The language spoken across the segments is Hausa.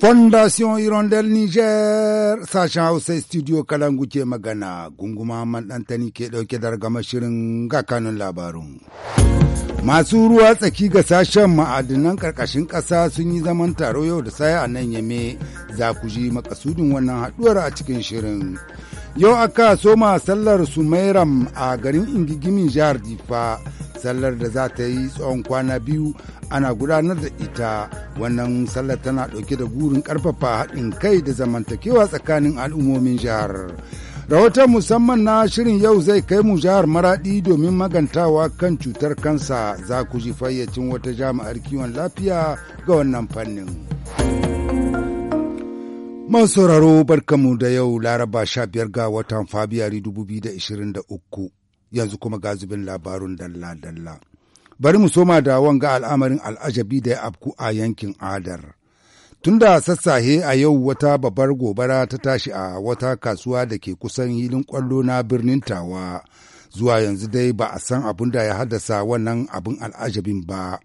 Fondation Hirondelle Niger sashen Hausa studio Kalangu ke magana gunguma ɗantani ke ɗauke da ragama shirin ga kanun labarun. Masu ruwa tsaki ga sashen ma'adinan ƙarƙashin ƙasa sun yi zaman taro yau da saya a nan yame za ku ji makasudin wannan haɗuwar a cikin shirin. Yau aka soma sallar Sumairam a garin Ingigimin jihar Difa. sallar da za ta yi tsawon kwana biyu ana gudanar da ita wannan sallar tana ɗauke da burin ƙarfafa haɗin kai da zamantakewa tsakanin al'ummomin jihar rahoton musamman na shirin yau zai kai mu jihar maraɗi domin magantawa kan cutar kansa za ku ji fayyacin wata jami'ar kiwon lafiya ga wannan fannin. masu sauraro barkamu da yau laraba 15 ga watan fabiyari 2023 yanzu kuma ga zubin labarun dalla-dalla. Bari mu soma da wanga al'amarin al'ajabi da ya afku a yankin Adar. Tun da sassahe a yau wata babbar gobara ta tashi a wata kasuwa da ke kusan hilin kwallo na birnin Tawa. Zuwa yanzu dai ba a san abin da ya haddasa wannan abin al'ajabin ba.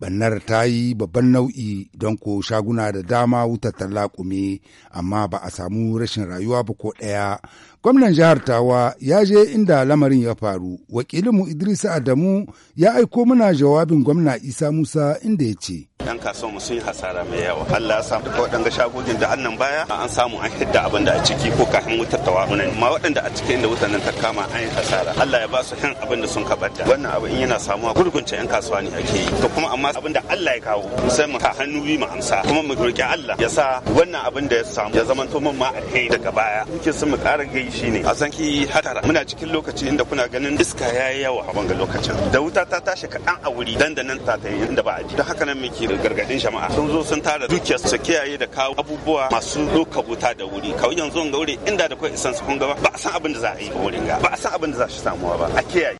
bannar ta yi babban nau'i don ko shaguna da dama wutar talakume amma ba a samu rashin rayuwa ba ko ɗaya gwamnan jihar tawa ya je inda lamarin ya faru wakilinmu idris adamu ya aiko mana jawabin gwamna isa musa inda ya ce yan kasuwan sun yi hasara mai yawa Allah ya samu duka waɗanda shagogin da annan baya an samu an hidda abin da a ciki ko kafin wutar ta wahuna amma waɗanda a cikin da wutar nan ta kama an yi hasara Allah ya ba su kan abin da sun kabata wannan abu in yana samuwa gurgunce yan kasuwa ne ake yi to kuma amma abin da Allah ya kawo sai mu ka hannu bi mu amsa kuma mu roki Allah ya sa wannan abin da ya samu ya zama mun ma alheri daga baya muke sun mu ƙara gai shine a san ki hatara muna cikin lokaci inda kuna ganin iska yayi yawa a wanga lokacin da wuta ta tashi kaɗan a wuri dandanan ta ta yi inda ba a ji don haka nan muke gargadin jama'a sun zo sun tara dukiya su kiyaye da kawo abubuwa masu doka wuta da wuri kawai yanzu ga wuri inda da kwai isan su kun gaba ba a san abin da za a yi a wurin ga ba a san abin da za shi samuwa ba a kiyaye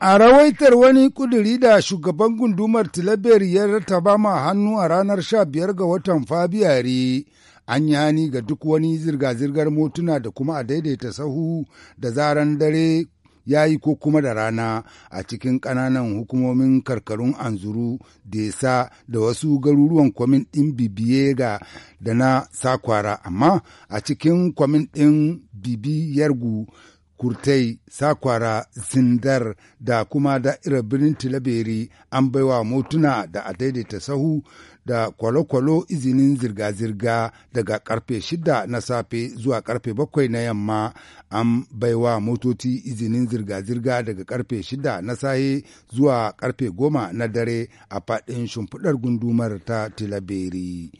A rawaitar wani kuduri da shugaban gundumar Tilabiyar ya rataba ma hannu a ranar sha biyar ga watan Fabiyari, an yi hani ga duk wani zirga-zirgar motuna da kuma a daidaita sahu da zaran dare ya yi ko kuma da rana a cikin ƙananan hukumomin karkarun anzuru desa da wasu garuruwan kwamin ɗin bibiyega da na sakwara amma a cikin kwamin ɗin bibiyargu kurtai sakwara zindar da kuma da'irar birnin tilaberi an baiwa motuna da a daidaita sahu da kwalo-kwalo izinin zirga-zirga daga karfe shida na safe zuwa karfe bakwai na yamma an baiwa motoci izinin zirga-zirga daga karfe shida na saye zuwa karfe goma na dare a faɗin shimfiɗar gundumar ta tilaberi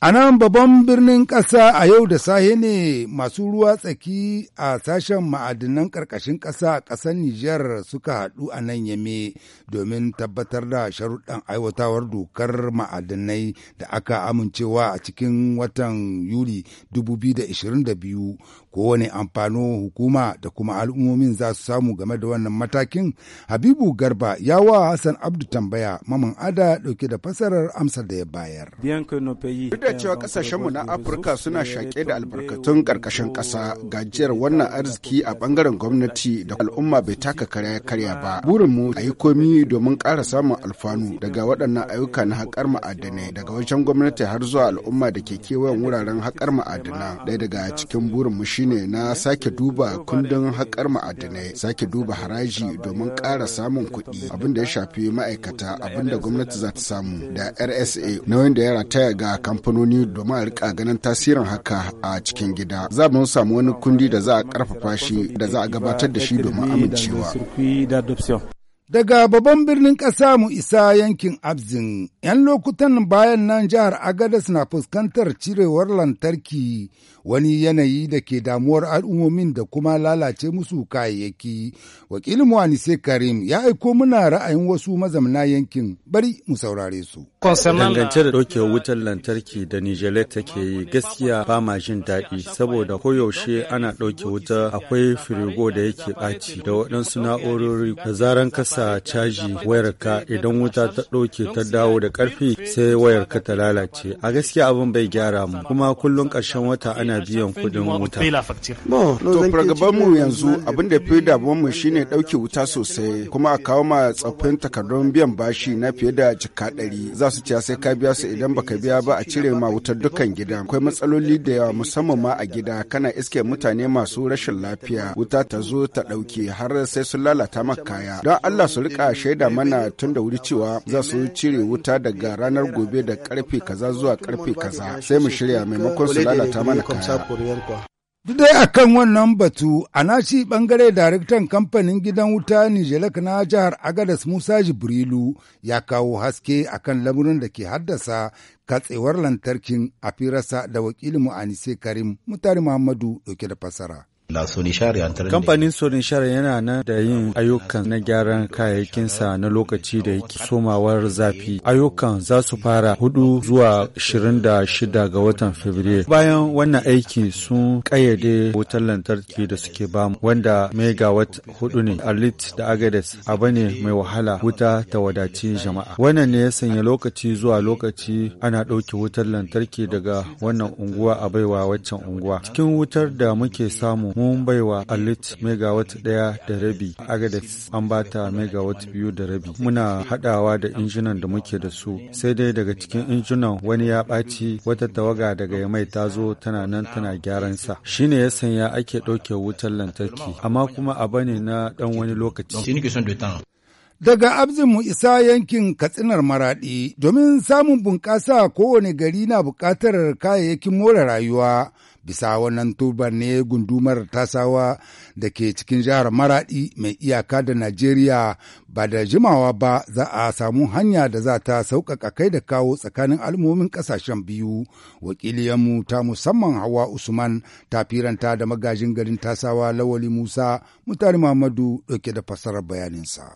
A nan babban birnin ƙasa a yau da sahe ne masu ruwa tsaki a sashen ma'adinan ƙarƙashin ƙasa a ƙasar Nijar suka haɗu a nan yame domin tabbatar da sharuɗan aiwatawar dokar ma'adinai da aka amincewa a cikin watan Yuli 2022 kowane amfanin hukuma da kuma al'ummomin za su samu game da wannan matakin. Habibu Garba ya wa Hassan Abdu tambaya maman ada ɗauke da fasarar amsar da ya bayar. da cewa kasashenmu na Afirka suna shaƙe da albarkatun karkashin ƙasa gajiyar wannan arziki a bangaren gwamnati da al'umma bai taka karya karya ba. Burinmu a yi komi domin ƙara samun alfanu daga waɗannan ayyuka na haƙar ma'adanai daga wajen gwamnati har zuwa al'umma da ke kewayen wuraren haƙar ma'adana. Ɗaya daga cikin burinmu shine na sake duba kundin haƙar ma'adanai, sake duba haraji domin ƙara samun kuɗi abin da ya shafi ma'aikata abin da gwamnati za ta samu da RSA nauyin da ya rataya ga kamfanin kamfanoni domin a rika ganin tasirin haka a cikin gida za mu samu wani kundi da za a karfafa shi da za a gabatar da shi domin amincewa Daga babban birnin ƙasa mu isa yankin Abzin, ‘yan lokutan bayan nan jihar Agadas na fuskantar cirewar lantarki wani yanayi da ke damuwar al'ummomin da kuma lalace musu kayayyaki. Wakilin sai Karim ya aiko muna ra'ayin wasu mazamna yankin bari mu saurare su. Dangance da ɗauke wutar lantarki da Nijele take yi gaskiya ba ma jin daɗi saboda koyaushe ana ɗauke wuta akwai firigo da yake ɓaci da waɗansu na'urori da zaran kasa sa caji wayarka idan wuta ta ɗauke ta dawo da ƙarfi sai wayarka ta lalace. A gaskiya abin bai gyara mu kuma kullum ƙarshen wata ana biyan kuɗin wuta. To fargaban mu yanzu abin da fi damuwar mu shine ɗauke wuta sosai kuma a kawo ma tsaffin takardun biyan bashi na fiye da jika ɗari za su ciya sai ka biya su idan baka biya ba a cire ma wutar dukkan gida. Akwai matsaloli da yawa musamman ma a gida kana iske mutane masu rashin lafiya wuta ta zo ta ɗauke har sai sun lalata maka kaya. Don Allah su rika shaida mana tun da wuri cewa za su cire wuta daga ranar gobe da karfe kaza zuwa karfe kaza sai mu shirya maimakon su lalata mana kaya. Duk dai akan wannan batu a nashi bangare daraktan kamfanin gidan wuta Nijelek na jihar Agadas Musa Jibrilu ya kawo haske akan lamurin da ke haddasa katsewar lantarkin a firarsa da wakilinmu Anise Karim Mutari Muhammadu dauke da fasara. Kamfanin Share yana nan da yin ayyukan na gyaran kayayyakinsa na lokaci da yake somawar zafi. Ayyukan za su fara hudu zuwa shida ga watan Fabrairu. Bayan wannan aiki sun kayyade wutar lantarki da suke bamu wanda megawatt hudu ne a da agades abu ne mai wahala wuta ta wadaci jama'a. Wannan ne ya sanya lokaci zuwa lokaci ana ɗauke wutar lantarki daga wannan unguwa a baiwa waccan unguwa. Cikin wutar da muke samu mu mun baiwa alit megawatt ɗaya da rabi a agadez an ba bata megawatt biyu da rabi muna haɗawa da injinan da muke da su sai dai daga cikin injinan wani ya ɓaci wata tawaga daga yamai ta zo tana nan tana gyaran sa shine ya sanya ake ɗauke wutar lantarki amma kuma a ne na ɗan wani lokaci daga abzin mu isa yankin katsinar maraɗi domin samun bunƙasa kowane gari na buƙatar kayayyakin more rayuwa bisa wannan tubar ne gundumar tasawa da ke cikin jihar maradi mai iyaka da najeriya ba da jimawa ba za a samu hanya da za ta sauƙaƙa kai da kawo tsakanin al'ummomin ƙasashen biyu wakiliyanmu ta musamman hawa usman ta firanta da magajin garin tasawa lawali musa mutari muhammadu ɗauke da fassarar bayaninsa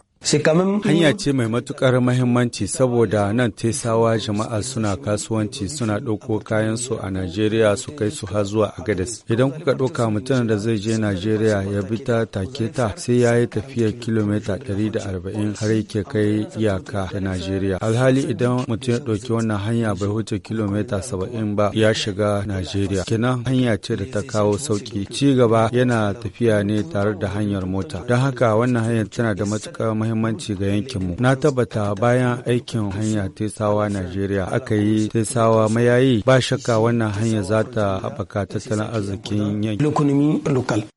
Hanya ce mai matukar mahimmanci saboda nan tesawa jama'a suna kasuwanci suna ɗauko kayansu a Najeriya su kai su har zuwa Agadez. Idan kuka ɗauka mutum da zai je Najeriya ya bi ta taketa sai ya yi tafiyar kilomita 140 har yake kai iyaka da Najeriya. Alhali idan mutum ya ɗauki wannan hanya bai wuce kilomita 70 ba ya shiga Najeriya. Kenan hanya ce da ta kawo sauki. Ci gaba yana tafiya ne tare da hanyar mota. Don haka wannan hanyar tana da matukar mahimmanci muhimmanci ga yankinmu. Na tabbata bayan aikin hanya Tesawa Najeriya aka yi Tesawa mayayi ba shakka wannan hanya za ta haɓaka tattalin arzikin yankin.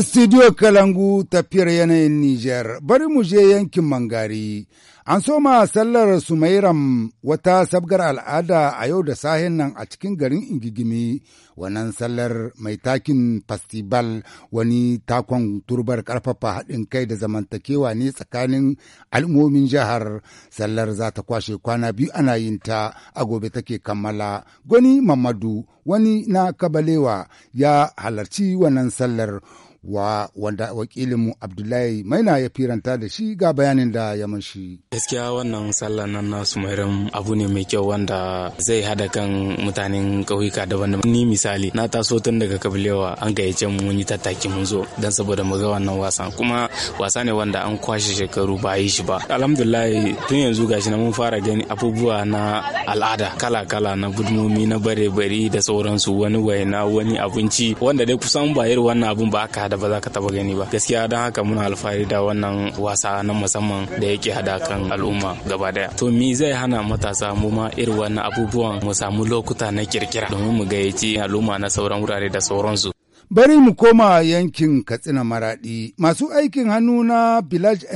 Studio Kalangu tafiyar yanayin Nijar, bari mu je yankin Mangari. An soma sallar Sumairam wata sabgar al'ada a yau da sahen nan a cikin garin Ingigimi, wannan sallar mai takin festival wani takon turbar ƙarfafa haɗin kai da zamantakewa ne tsakanin al'ummomin jihar. Sallar za ta kwashe kwana biyu ana yin ta a gobe take kammala. Gwani Mamadu wani na Kabalewa ya halarci wannan sallar. wa wanda wakilinmu abdullahi maina ya firanta da shi ga bayanin da ya mashi gaskiya wannan sallah nan nasu mairin abu ne mai kyau wanda zai hada kan mutanen ƙauyuka daban-daban ni misali na taso tun daga kabilewa an gayyace mu wani yi tattaki mun zo dan saboda mu ga wannan wasan kuma wasa ne wanda an kwashe shekaru ba yi shi ba alhamdulillah tun yanzu gashi na mun fara gani abubuwa na al'ada kala-kala na gudmomi na bare-bari da sauransu wani waina wani abinci wanda dai kusan bayar wannan abun ba aka da ba za ka taba gani ba gaskiya don haka muna alfahari da wannan wasa na musamman da yake hada kan al'umma gaba daya to me zai hana matasa mu ma irin wannan abubuwan mu samu lokuta na kirkira domin mu gayyaci al'umma na sauran wurare da sauransu Bari mu koma yankin Katsina Maraɗi, masu aikin hannu na Village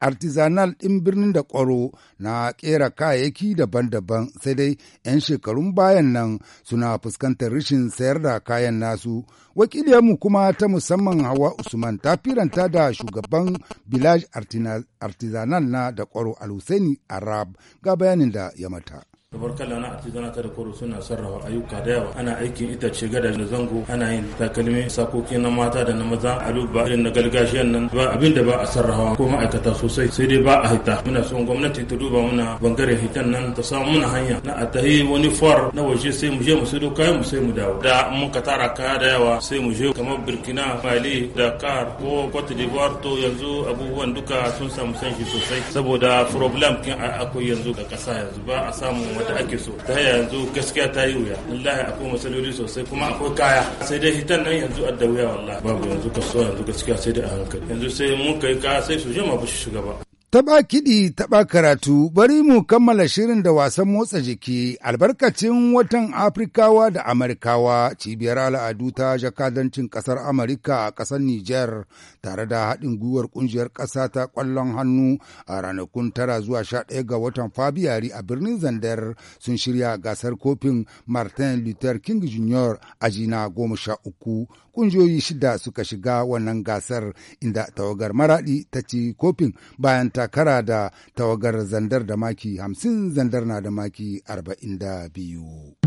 artisanal ɗin birnin da ƙwaro na ƙera kayayyaki daban-daban sai dai 'yan shekarun bayan nan suna fuskantar rashin sayar da kayan nasu wakiliyarmu kuma ta musamman hawa usman ta firanta da shugaban village artisanal na da ƙwaro alhusaini arab ga bayanin da ya mata tabarkala na zana ta da koro suna sarrafa ayyuka da yawa ana aikin itace gada da zango ana yin takalmi sakoki na mata da na maza a irin na gargajiyan nan ba abin da ba a sarrafa ko ma'aikata sosai sai dai ba a hita muna son gwamnati ta duba muna bangare hitan nan ta samu muna hanya na a tahi wani far na waje sai mu je mu sai kayan mu sai mu dawo da mun ka tara kaya da yawa sai mu je kamar burkina mali dakar ko cote d'ivoire to yanzu abubuwan duka sun samu sanshi sosai saboda problem kin akwai yanzu ga kasa yanzu ba a samu wata ake so ta yanzu gaskiya ta yi wuya lallahi akwai matsaloli sosai kuma akwai kaya sai dai hitan nan yanzu adda wuya wallahi babu yanzu kaso yanzu gaskiya sai dai a hankali yanzu sai mun kai kaya sai su je ma su shiga Taɓa kiɗi taɓa karatu bari mu kammala shirin da wasan motsa jiki albarkacin watan Afrikawa da Amerikawa cibiyar al'adu ta jakadancin ƙasar Amerika a ƙasar Nijar tare da haɗin gwiwar ƙungiyar ƙasa ta ƙwallon hannu a ranakun tara zuwa sha ɗaya ga watan Fabiyari a birnin Zandar sun shirya gasar kofin Martin Luther King Jr. a jina goma sha uku ƙungiyoyi shida suka shiga wannan gasar inda tawagar maraɗi ta ci kofin bayan takara da tawagar zandar da maki hamsin zandar na da maki arba'in da biyu.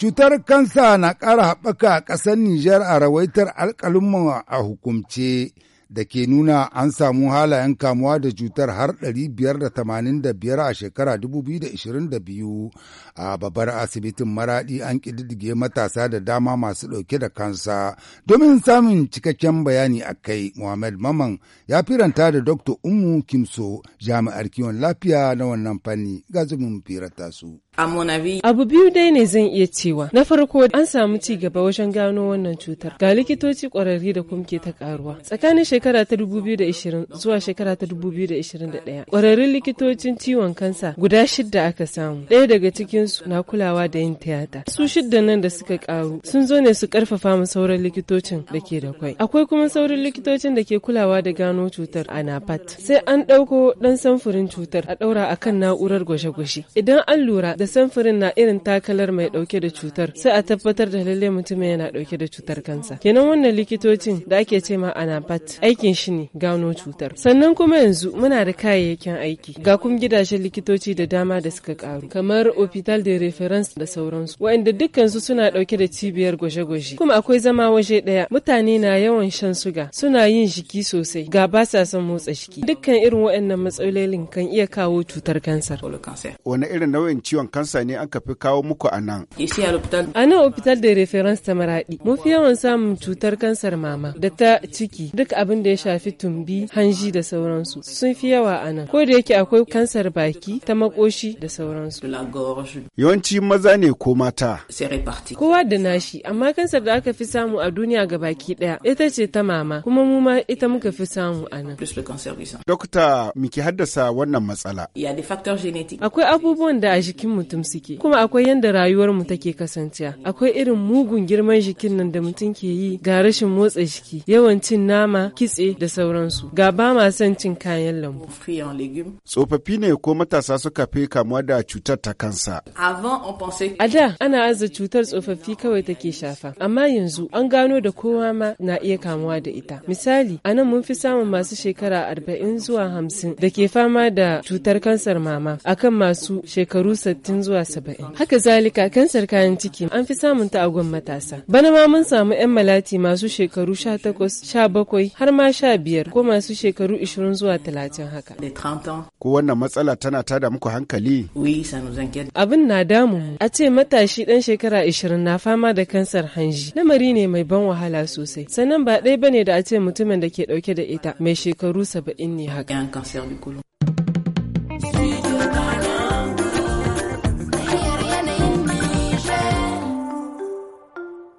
Cutar kansa na ƙara haɓaka a ƙasar Nijar a rawaitar alƙalumma a hukumce. da ke nuna an samu halayen kamuwa da cutar har 585 a shekara 2022 a babbar asibitin maradi an ƙididdige matasa da dama masu ɗauke da kansa domin samun cikakken bayani a kai muhammad maman ya firanta da dr umu kimso jami'ar kiwon lafiya na wannan fanni ga zubin firanta su Abu biyu dai ne zan iya cewa. Na farko an samu ci gaba wajen gano wannan cutar. Ga likitoci kwararri da kuma ke ta karuwa. Tsakanin shekara ta 2020 zuwa shekara ta 2021 kwararrun likitocin ciwon kansa guda shidda aka samu. Ɗaya daga cikin su na kulawa da yin tiyata. Su shidda nan da suka karu sun zo ne su karfafa mu sauran likitocin da ke da kwai. Akwai kuma sauran likitocin da ke kulawa da gano cutar a Napat. Sai an ɗauko ɗan samfurin cutar a ɗaura akan na'urar gwaje gwashe Idan an lura da samfurin na irin takalar mai dauke da cutar sai a tabbatar da lalle mutumin yana dauke da cutar kansa kenan wannan likitocin da ake ce ma anapat aikin shi ne gano cutar sannan kuma yanzu muna da kayayyakin aiki ga kuma gidashen likitoci da dama da suka karu kamar hospital de reference da sauransu waɗanda dukkansu suna dauke da cibiyar gwaje-gwaje kuma akwai zama waje daya mutane na yawan shan suga suna yin jiki sosai ga ba sa son motsa jiki dukkan irin waɗannan matsalolin kan iya kawo cutar kansar wani irin nau'in ciwon kansa ne aka fi kawo muku a nan? A nan hospital da reference ta maraɗi, mun fi yawan samun cutar kansar mama da ta ciki duk abin da ya shafi tumbi, hanji da sauransu sun fi yawa a nan. Ko da yake akwai kansar baki ta makoshi da sauransu. Yawanci maza ne ko mata? Kowa da nashi, amma kansar da aka fi samu a duniya ga baki ɗaya ita ce ta mama, kuma mu ma ita muka fi samu a nan. Dokta, miki haddasa wannan matsala? Akwai abubuwan da a jikinmu mutum suke kuma akwai yadda rayuwar mu take kasancewa akwai irin mugun girman jikin nan da mutum ke yi ga rashin motsa jiki yawan cin nama kitse da sauransu ga ba ma son cin kayan lambu tsofaffi ne ko matasa suka fi kamuwa da cutar ta kansa a da ana azza cutar tsofaffi kawai take shafa amma yanzu an gano da kowa ma na iya kamuwa da ita misali a nan mun fi samun masu shekara arba'in zuwa hamsin da ke fama da cutar kansar mama akan masu shekaru sittin talatin zuwa saba'in Haka zalika kansar kayan ciki an fi samun ta a gwan matasa. Bana ma mun samu 'yan malati masu shekaru sha takwas sha bakwai har ma sha biyar ko masu shekaru ishirin zuwa talatin haka. Ko wannan matsala tana ta da muku hankali? Abin na damu a ce matashi dan shekara ishirin na fama da kansar hanji. Lamari ne mai ban wahala sosai. Sannan ba ɗaya bane da a ce mutumin da ke ɗauke da ita mai shekaru saba'in ne haka.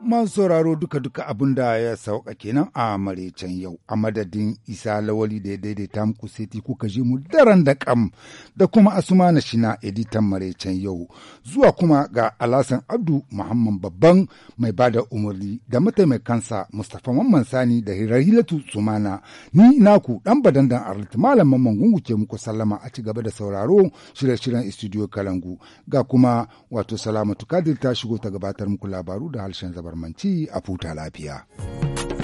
Man sauraro duka-duka abin da ya sauka kenan a maraicen yau a madadin isa lawali da ya daidaita muku sai kuka ji mu daren da kam da kuma asuma na shina editan maraicen yau zuwa kuma ga alasan abdu muhammad babban mai bada umarni da mataimakansa mustapha mamman sani da hirarilatu sumana ni naku dan badandan arlit malam mamman gungu ke muku sallama a ci gaba da sauraro shirye-shiryen studio kalangu ga kuma wato salamatu kadir ta shigo ta gabatar muku labaru da harshen zabar barmanci a futa lafiya.